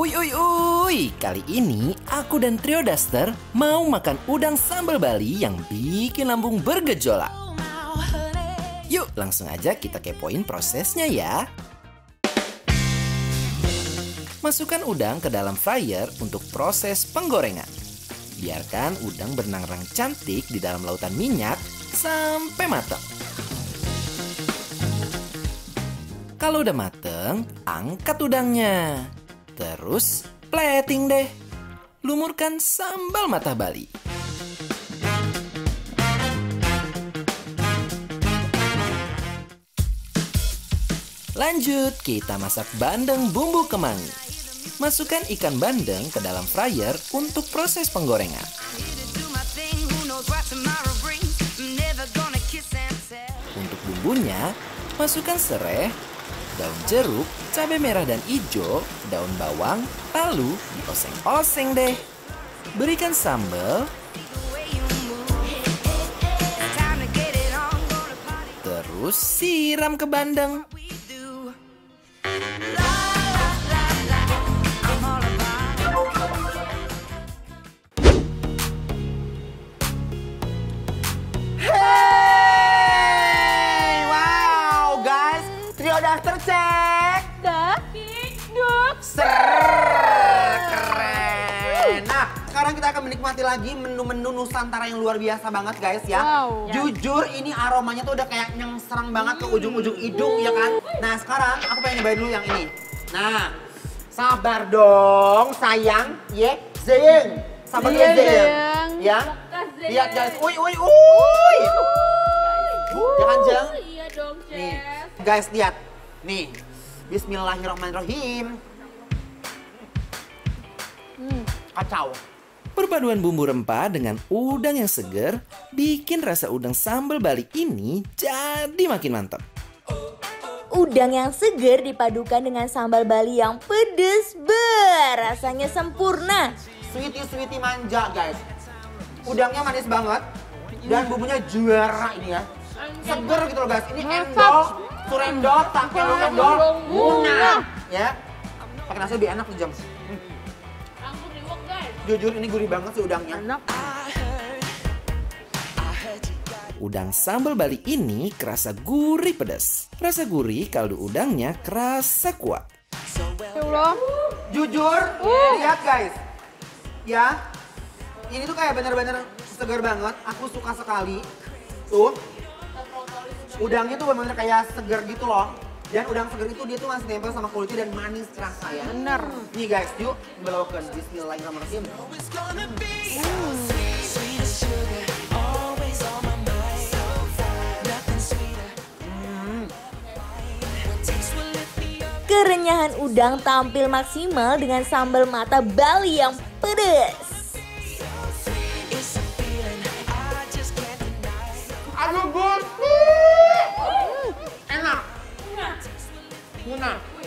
Uy uy uy, kali ini aku dan Trio Duster mau makan udang sambal Bali yang bikin lambung bergejolak. Yuk langsung aja kita kepoin prosesnya ya. Masukkan udang ke dalam fryer untuk proses penggorengan. Biarkan udang berenang-renang cantik di dalam lautan minyak sampai matang. Kalau udah mateng, angkat udangnya. Terus, plating deh. Lumurkan sambal mata Bali. Lanjut, kita masak bandeng bumbu kemangi. Masukkan ikan bandeng ke dalam fryer untuk proses penggorengan. Untuk bumbunya, masukkan serai, daun jeruk, cabai merah dan hijau, daun bawang, lalu dioseng-oseng deh. Berikan sambal. Terus siram ke bandeng. nikmati lagi menu-menu Nusantara yang luar biasa banget guys ya. Wow. Jujur ini aromanya tuh udah kayak yang serang banget ke ujung-ujung hmm. hidung ya kan. Nah sekarang aku pengen nyobain dulu yang ini. Nah sabar dong sayang. Ye, zeng. Sabar dong iya, zeng. Ya. Lihat guys. Uy, uy, uy. Ya kan jeng? Iya dong Nih guys lihat. Nih. Bismillahirrahmanirrahim. Hmm. Kacau. Perpaduan bumbu rempah dengan udang yang seger bikin rasa udang sambal Bali ini jadi makin mantap. Udang yang seger dipadukan dengan sambal Bali yang pedes, berasanya sempurna. Sweetie sweetie manja guys. Udangnya manis banget dan bumbunya juara ini ya. Seger gitu loh guys. Ini endol, surendol, tangkai endol, bunga nah, ya. Pakai nasi lebih enak tuh jam. Jujur ini gurih banget sih udangnya. Enak. Udang sambal Bali ini kerasa gurih pedas. Rasa gurih kaldu udangnya kerasa kuat. Ya Jujur, uh. Ya, lihat guys. Ya, ini tuh kayak bener-bener segar banget. Aku suka sekali. Tuh, udangnya tuh bener-bener kayak segar gitu loh. Dan udang segar itu dia tuh masih nempel sama kulitnya dan manis terasa ya. Bener. Nih guys, yuk melakukan Bismillahirrahmanirrahim. Hmm. Hmm. Kerenyahan udang tampil maksimal dengan sambal mata Bali yang pedes. Aduh, not.